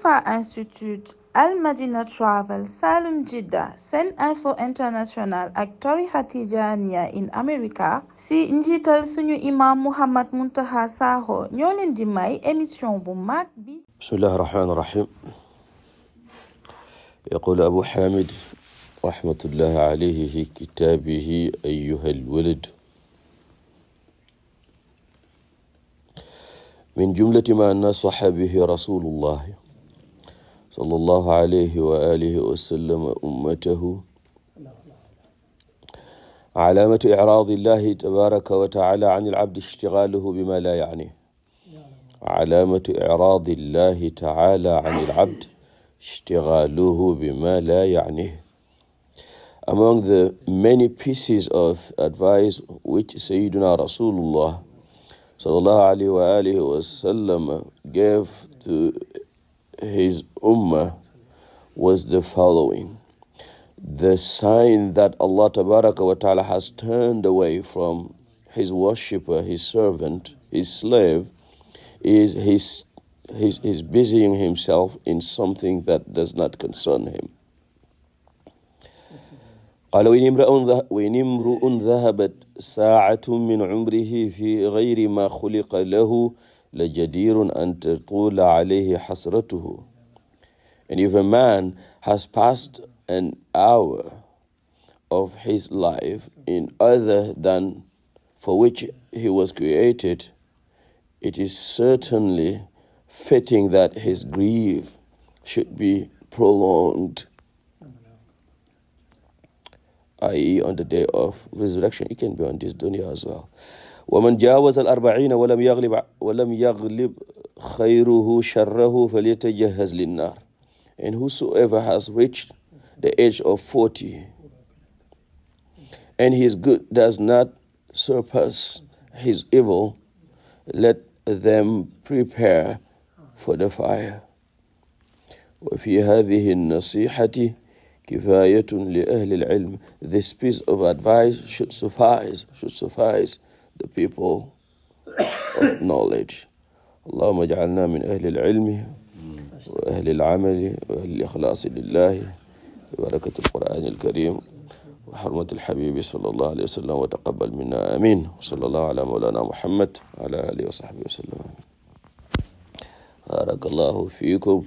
ITFA Institute Al Madina Travel Salum Jidda Sen Info International ak tarixa Tijaaniya in America si njiital suñu imam Muhammad Muntaha Sakho ñoo leen di may émission bu mag bi bismillahi rahmaani rahim yaqul Abu Hamid rahmatullahi alayhi fi kitaabihi ayyuhal walad min jumlati ma nasaxa bihi rasulullah sallallahu alayhi wa alihi wa sallama ummatahu alaamatu icraadi llahi tabaraka wa taala an ilabdi ishtigaaluhu bima laa yacni alaamatu icraadi llahi taala an ilabd ishtigaaluhu bima laa yacni Among the many pieces of advice which Sayyidina Rasulullah sallallahu alayhi wa alihi wa sallam gave to his ummah was the following the sign that Allah tabaraka wa ta'ala has turned away from his worshipper his servant his slave is his he's, he's busying himself in something that does not concern him قال وإن امرؤ ذهبت ساعة من عمره في غير ما خلق له la jadirun an tatula alayhi hasratuhu and if a man has passed an hour of his life in other than for which he was created it is certainly fitting that his grief should be prolonged i.e. on the day of resurrection it can be on this dunya as well ومن جاوز الأربعين ولم يغلب ولم يغلب خيره شره فليتجهز للنار and whosoever has reached the age of 40 and his good does not surpass his evil let them prepare for the fire وفي هذه النصيحة Kifayatun li ahli al-ilm. This piece of advice should suffice, should suffice the people of knowledge. Allahumma ij'alna min ahli al-ilmi wa ahli al-amali wa ahli al-ikhlasi lillahi bi barakati al-Qur'ani al-karim wa hurmati al-habibi sallallahu alayhi wa sallam wa taqabbal minna amin. Wa sallallahu ala mawlana Muhammad wa ala alihi wa sahbihi wa sallam. Barakallahu fiikum.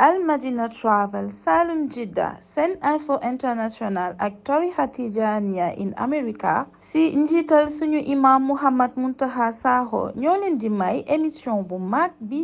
al madina travel salum jidda seen info international ak tarixa tijaniya in america si njiital suñu imam muhammad muntaha sakho ñoo leen di may émission bu mag bi